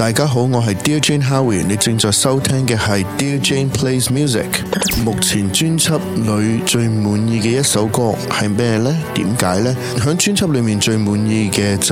大家好，我係 Dear Jane Howie 你正在收聽嘅係 Dear Jane Plays Music。目前專輯裏最滿意嘅一首歌係咩咧？點解咧？響專輯裏面最滿意嘅就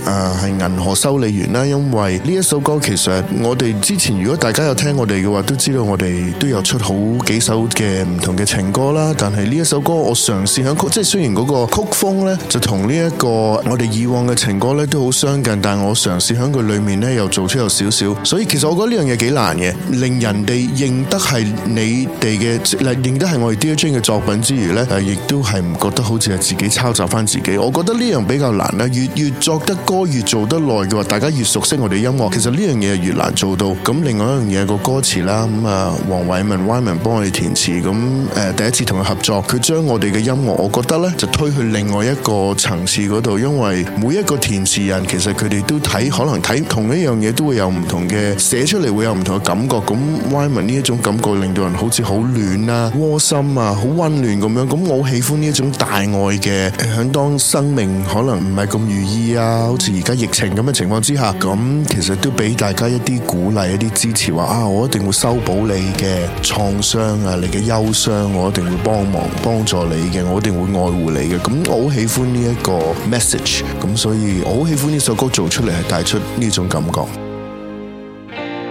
是呃係《銀河修理員》啦，因為呢一首歌其實我哋之前如果大家有聽我哋嘅話，都知道我哋都有出好幾首嘅唔同嘅情歌啦。但係呢一首歌我嘗試響曲，即係雖然嗰個曲風咧就同呢一個我哋以往嘅情歌咧都好相近，但我嘗試響佢裏面咧又做。少少，所以其實我覺得呢樣嘢幾難嘅，令人哋認得係你哋嘅，認得係我哋 DJ 嘅作品之餘咧，亦、呃、都係唔覺得好似係自己抄襲翻自己。我覺得呢樣比較難啦，越越作得歌越做得耐嘅話大家越熟悉我哋音樂，其實呢樣嘢越難做到。咁另外一樣嘢，個歌詞啦，咁、嗯、啊黃偉文、Wyman 幫我哋填詞，咁、嗯、誒、呃、第一次同佢合作，佢將我哋嘅音樂我覺得咧就推去另外一個層次嗰度，因為每一個填詞人其實佢哋都睇，可能睇同一樣嘢都都會有唔同嘅，寫出嚟，會有唔同嘅感覺，咁 Wyman 呢一種感覺令到人好似好暖啊、窩心啊、好溫暖咁樣，咁我好喜歡呢一種大愛嘅，響、呃、當生命可能唔係咁如意啊，好似而家疫情咁嘅情況之下，咁其實都俾大家一啲鼓勵、一啲支持，話啊，我一定會修補你嘅創傷啊，你嘅憂傷，我一定會幫忙幫助你嘅，我一定會愛護你嘅，咁我好喜歡呢一個 message，咁所以我好喜歡呢首歌做出嚟係帶出呢種感覺。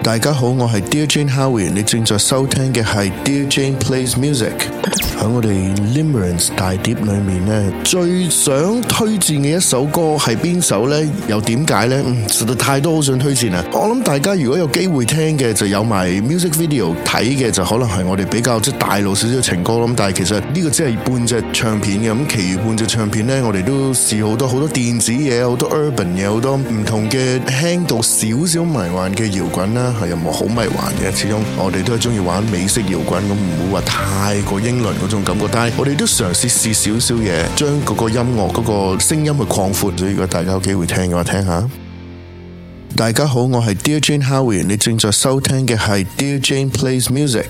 大家好，我係 Dear Jane Howie，你正在收聽嘅係 Dear Jane Plays Music。喺我哋 Limerence 大碟裏面呢，最想推薦嘅一首歌係邊首呢？又點解呢、嗯？實在太多好想推薦啊！我諗大家如果有機會聽嘅就有埋 music video 睇嘅，就可能係我哋比較即、即係、大路少少情歌。但其實呢個只係半隻唱片嘅，咁其餘半隻唱片我哋都試好多好多電子嘢，好多 urban 嘢，好多唔同嘅輕度少少迷幻嘅搖滾啦。係任何好迷幻嘅，始終我哋都係中意玩美式搖滾，咁唔會話太過英倫嗰種感覺。但係我哋都嘗試試少少嘢，將個音樂嗰個聲音去擴闊。所以如果大家有機會聽嘅話，聽下。大家好，我係 Dear Jane Howie，你正在收聽嘅係 Dear Jane Plays Music。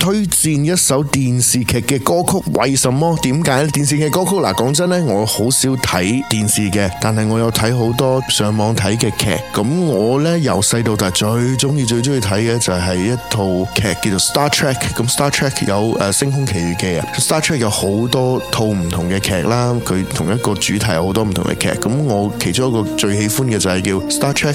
推薦一首電視劇嘅歌曲，為什麼？點解？電視劇歌曲嗱，講真咧，我好少睇電視嘅，但係我有睇好多上網睇嘅劇。咁我呢，由細到大最中意、最中意睇嘅就係一套劇叫做 Star Trek。咁 Star Trek 有、呃、星空奇遇記》Star Trek 有好多套唔同嘅劇啦，佢同一個主題有好多唔同嘅劇。咁我其中一個最喜歡嘅就係叫 Star Trek。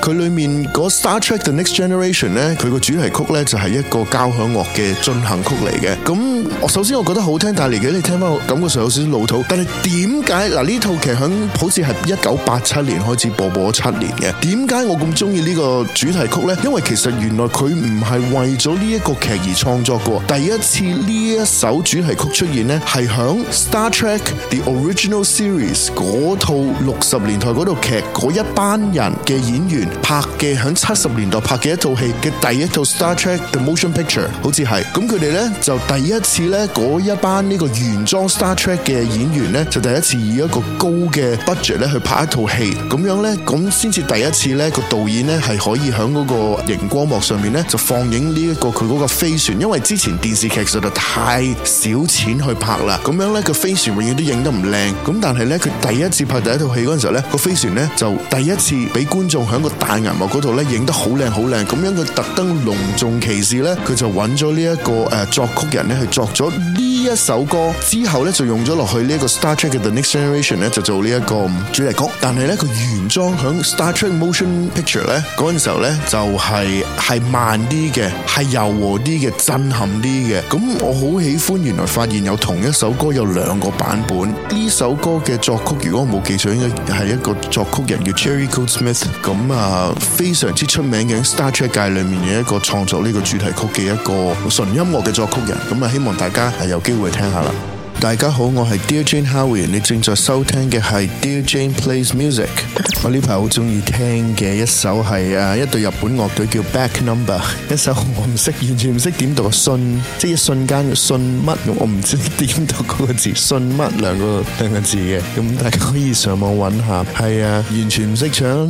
佢裏面嗰 Star Trek The Next Generation 咧，佢個主題曲呢就係一個交響樂嘅進行曲嚟嘅。咁我首先我覺得好聽，但係嚟嘅你聽翻，感覺上有少少老土。但係點解嗱呢套劇響好似係一九八七年開始播播咗七年嘅？點解我咁中意呢個主題曲呢？因為其實原來佢唔係為咗呢一個劇而創作嘅。第一次呢一首主題曲出現呢，係響 Star Trek The Original Series 嗰套六十年代嗰套劇嗰一班人嘅演員。拍嘅喺七十年代拍嘅一套戲嘅第一套 Star Trek The Motion Picture，好似係咁。佢哋咧就第一次咧，嗰一班呢個原裝 Star Trek 嘅演員咧就第一次以一個高嘅 budget 咧去拍一套戲，咁樣咧，咁先至第一次咧個導演咧係可以喺嗰個熒光幕上面咧就放映呢、這、一個佢嗰個飛船，因為之前電視劇實在太少錢去拍啦，咁樣咧個飛船永遠都影得唔靚，咁但係咧佢第一次拍第一套戲嗰陣時候咧個飛船咧就第一次俾觀眾喺個大銀幕嗰度咧，影得好靚好靚，咁樣，佢特登隆重其事咧，佢就揾咗呢一個誒作曲人咧，去作咗呢。呢一首歌之後咧，就用咗落去呢一個 Star Trek 嘅 The Next Generation 咧，就做呢一個主題曲。但係咧，佢原裝響 Star Trek Motion Picture 咧嗰陣時候咧，就係、是、係慢啲嘅，係柔和啲嘅，震撼啲嘅。咁我好喜歡原來發現有同一首歌有兩個版本。呢首歌嘅作曲如果我冇記錯應該係一個作曲人叫 Jerry Goldsmith。咁啊，非常之出名嘅 Star Trek 界裏面嘅一個創作呢個主題曲嘅一個純音樂嘅作曲人。咁啊，希望大家係有。都會聽下啦。大家好，我係 Dear Jane Harvey，你正在收聽嘅係 Dear Jane Plays Music。我呢排好中意聽嘅一首係誒，一對日本樂隊叫 Back Number，一首我唔識，完全唔識點讀嘅信，即係一瞬間嘅信乜咁，我唔知點讀嗰個字，信乜兩個兩個字嘅，咁大家可以上網揾下。係啊，完全唔識唱。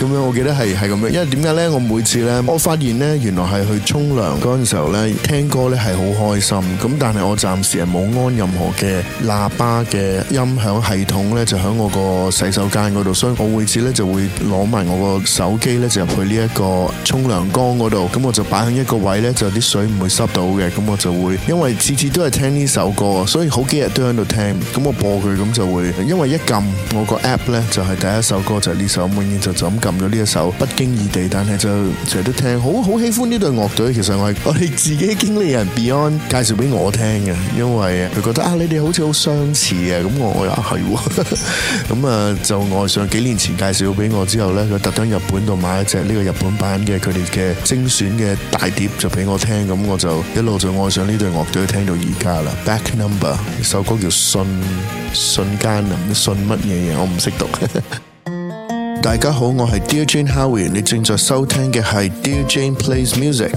咁樣我記得係係咁樣，因為點解咧？我每次咧，我發現咧，原來係去沖涼嗰陣時候咧，聽歌咧係好開心。咁但係我暫時係冇安任何嘅喇叭嘅音響系統咧，就喺我個洗手間嗰度，所以我每次咧就會攞埋我個手機咧就入去呢一個沖涼缸嗰度。咁我就擺喺一個位咧，就啲水唔會濕到嘅。咁我就會因為次次都係聽呢首歌，所以好幾日都喺度聽。咁我播佢咁就會，因為一撳我個 app 咧，就係第一首歌就係呢首《永遠就咁》。冧咗呢一首，不經意地，但係就成日都聽，好好喜歡呢對樂隊。其實我係我哋自己的經理人 Beyond 介紹俾我聽嘅，因為佢覺得啊，你哋好似好相似啊，咁我我又係喎。咁 啊，就愛上幾年前介紹俾我之後呢，佢特登日本度買一隻呢個日本版嘅佢哋嘅精選嘅大碟，就俾我聽。咁我就一路就愛上呢對樂隊，聽到而家啦。Back number 首歌叫瞬，瞬間啊，瞬乜嘢嘢？我唔識讀。 大家好，我係 Dear Jane Howie，你正在收聽嘅係 Dear Jane Plays Music。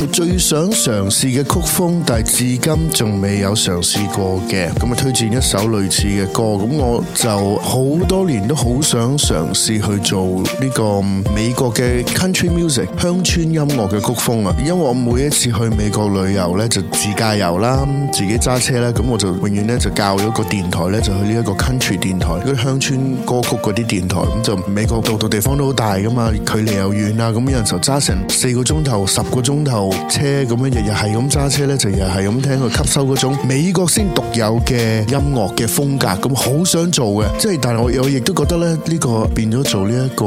我最想嘗試嘅曲風，但係至今仲未有嘗試過嘅，咁啊推薦一首類似嘅歌。咁我就好多年都好想嘗試去做呢個美國嘅 Country Music 鄉村音樂嘅曲風啊，因為我每一次去美國旅遊呢，就自駕遊啦，自己揸車啦，咁我就永遠咧就教咗個電台咧就去呢一個 Country 電台，去啲鄉村歌曲嗰啲電台咁就個度度地方都好大噶嘛，距離又遠啊，咁有陣時揸成四個鐘頭、十個鐘頭車咁樣，日日係咁揸車咧，就日日係咁聽，佢吸收嗰種美國先獨有嘅音樂嘅風格，咁好想做嘅。即係但係我我亦都覺得咧，呢個變咗做呢一個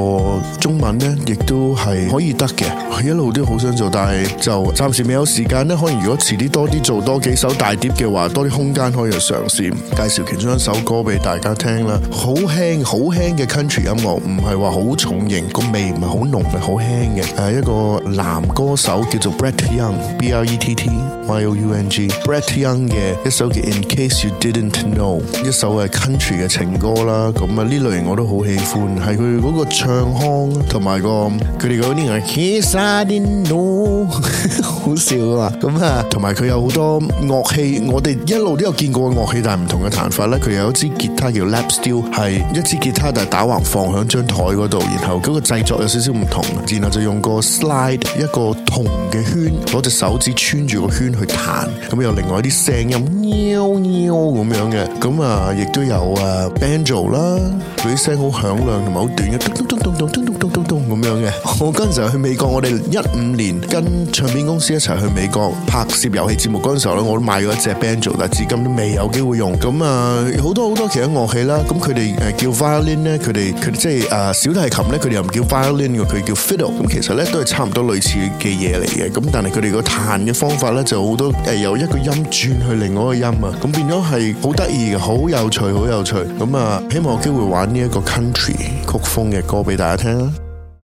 中文咧，亦都係可以得嘅。一路都好想做，但係就暫時未有時間咧。可能如果遲啲多啲做多幾首大碟嘅話，多啲空間可以去嘗試介紹其中一首歌俾大家聽啦。好輕好輕嘅 country 音樂，唔～係話好重型，個味唔係好濃嘅，好輕嘅。誒，一個男歌手叫做 Brett Young，B R E T T Y O U N G。Brett Young 嘅一首叫 In Case You Didn't Know，一首係 country 嘅情歌啦。咁啊，呢類型我都好喜歡。係佢個唱腔同埋，嗰個佢哋嗰啲嘅。佢哋人係 好笑啊！咁啊，同埋佢有好多樂器，我哋一路都有見過樂器，但係唔同嘅彈法咧。佢有一支吉他叫 Lap Steel，係一支吉他，但係打橫放響張台。海嗰度，然後嗰個製作有少少唔同，然後就用個 slide 一個銅嘅圈，攞隻手指穿住個圈去彈，咁又另外啲聲音喵喵咁樣嘅，咁啊亦都有啊 banjo 啦，佢啲聲好響亮同埋好短嘅。嘅，我嗰陣時去美國，我哋一五年跟唱片公司一齊去美國拍攝遊戲節目嗰陣時候咧，我都買咗一隻 banjo，但係至今都未有機會用。咁啊，好多好多其他樂器啦，咁佢哋誒叫 violin 咧，佢哋佢即係誒小提琴咧，佢哋又唔叫 violin 嘅，佢叫 fiddle。咁其實咧都係差唔多類似嘅嘢嚟嘅。咁但係佢哋個彈嘅方法咧就好多，誒由一個音轉去另外一個音啊，咁變咗係好得意嘅，好有趣，好有趣。咁啊，希望有機會玩呢一個 country 曲風嘅歌俾大家聽啊！